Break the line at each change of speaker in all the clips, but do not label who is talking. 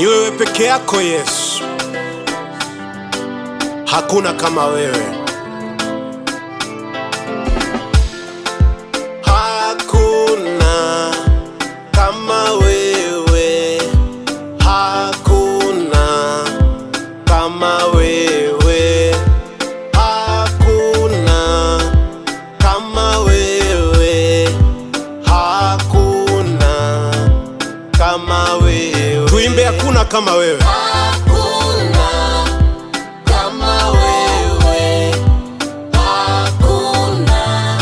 Ni wewe peke yako Yesu, hakuna kama wewe. kama wewe. Hakuna kama wewe. Hakuna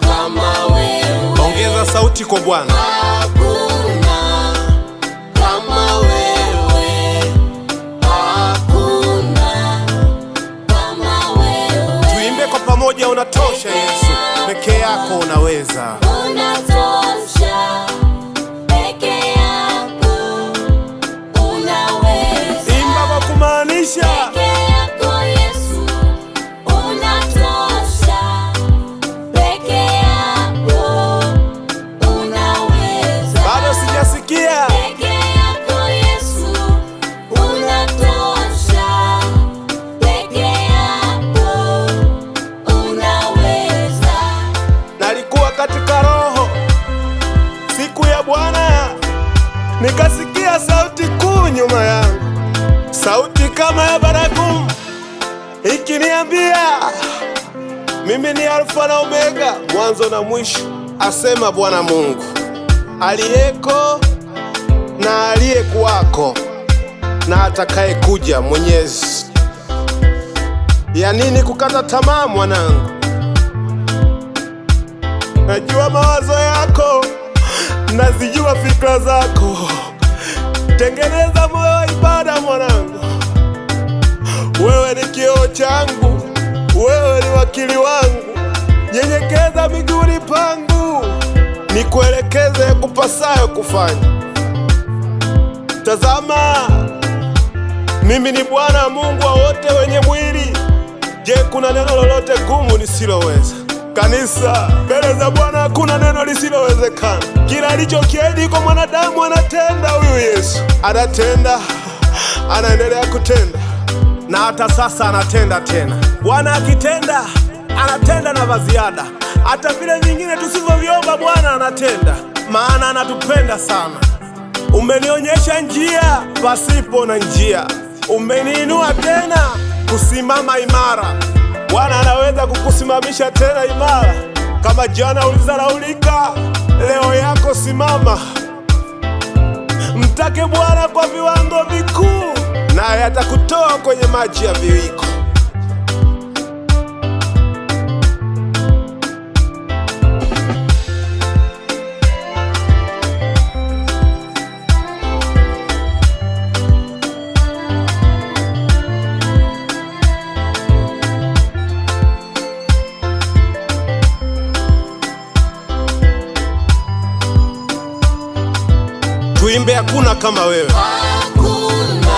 kama wewe. Ongeza sauti kwa Bwana. Tuimbe kwa pamoja, unatosha Yesu, peke yako unaweza. Unatosha. nikasikia sauti kuu nyuma yangu, sauti kama ya baragumu ikiniambia, mimi ni Alfa na Omega, mwanzo na mwisho, asema Bwana Mungu aliyeko na aliyekuwako na atakayekuja, Mwenyezi. Ya nini kukata tamaa, mwanangu? Najua mawazo yako nazijua fikra zako, tengeneza moyo ibada, mwanangu. Wewe ni kioo changu, wewe ni wakili wangu, nyenyekeza miguuni pangu, nikuelekeze yakupasayo kufanya. Tazama, mimi ni Bwana Mungu wa wote wenye mwili. Je, kuna neno lolote gumu nisiloweza? Kanisa, mbele za Bwana hakuna neno lisilowezekana. Kila alichokiahidi kwa mwanadamu anatenda. Huyu Yesu anatenda, anaendelea kutenda, na hata sasa anatenda tena. Bwana akitenda, anatenda na vaziada, hata vile vingine tusivyoviomba Bwana anatenda, maana anatupenda sana. Umenionyesha njia pasipo na njia, umeniinua tena kusimama imara Bwana anaweza kukusimamisha tena imara. Kama jana ulizalaulika, leo yako simama. Mtake Bwana kwa viwango vikuu, naye atakutoa kwenye maji ya viwiko. kumbe hakuna kama wewe, hakuna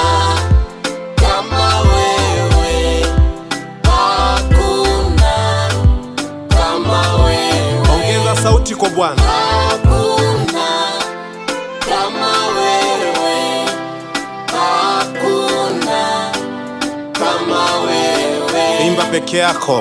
kama wewe, hakuna kama wewe. Ongeza sauti kwa Bwana, hakuna kama wewe, hakuna kama wewe. Imba peke yako.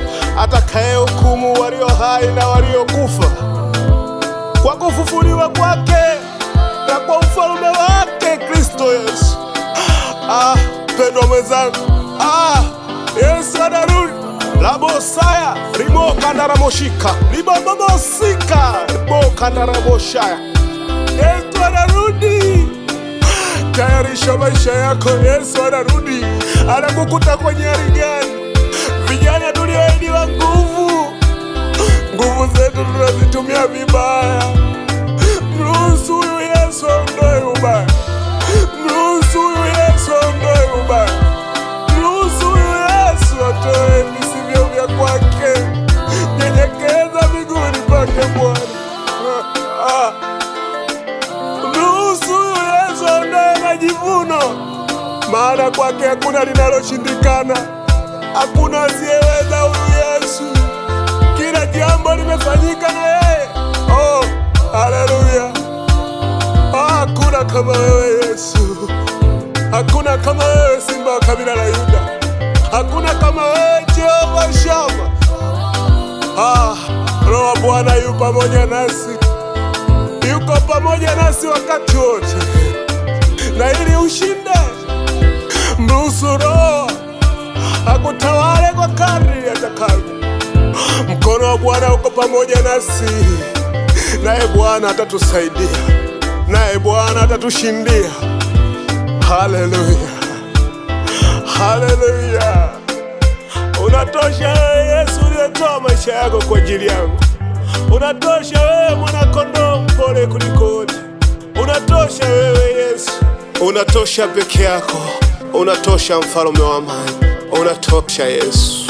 atakayehukumu walio hai na waliokufa kwa kufufuliwa kwake na kwa ufalme wake Kristo Yesu. Ah, ah pendwa mwenzangu, ah, Yesu anarudi. labosaya ribokandaramoshika ribobobosika ribokandaramoshaya. Yesu anarudi. Ah, tayarisha maisha yako, Yesu anarudi. Anakukuta kwenye hali gani? Vijana tulioahidiwa nguvu, nguvu zetu tunazitumia vibaya. Mruhusu huyu Yesu aondoe ubaya, mruhusu huyu Yesu aondoe ubaya, mruhusu huyu Yesu atoe visivyo vya kwake. Nyenyekeza miguuni pake Bwana. Maana kwake hakuna linaloshindikana hakuna asiyeweza huyu Yesu, kila jambo limefanyika na yeye. Oh, haleluya! Ah, hakuna kama wewe Yesu, hakuna kama wewe Simba wa kabila la Yuda, hakuna kama wewe Jehova Shama. Ah, Roho wa Bwana yu pamoja nasi, yuko pamoja nasi wakati wote, na ili ushinde mruhusu Roho akutawale kwa kadri atakavyo. Mkono wa Bwana uko pamoja nasi, naye Bwana atatusaidia, naye Bwana atatushindia. Haleluya, haleluya! Unatosha wewe Yesu, uliyetoa maisha yako kwa ajili yangu. Unatosha wewe kondoo mpole kuliko wote. Unatosha wewe Yesu, unatosha peke yako, unatosha mfalme wa amani. on a top shires.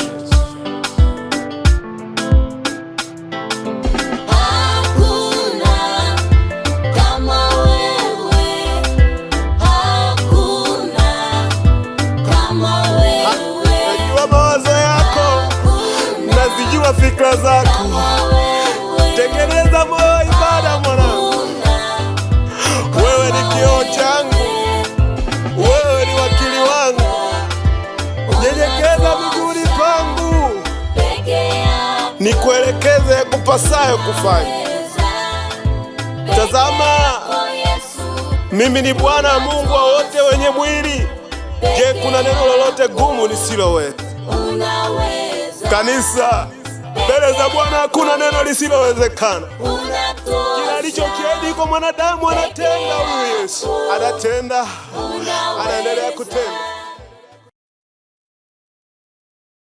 nikuelekeze kupasayo kufanya. Tazama, mimi ni Bwana Mungu wa wote wenye mwili. Je, kuna neno lolote gumu lisiloweza? Kanisa, mbele za Bwana hakuna neno lisilowezekana. Kila alichokiahidi kwa mwanadamu anatenda. Huyu Yesu anatenda, anaendelea kutenda.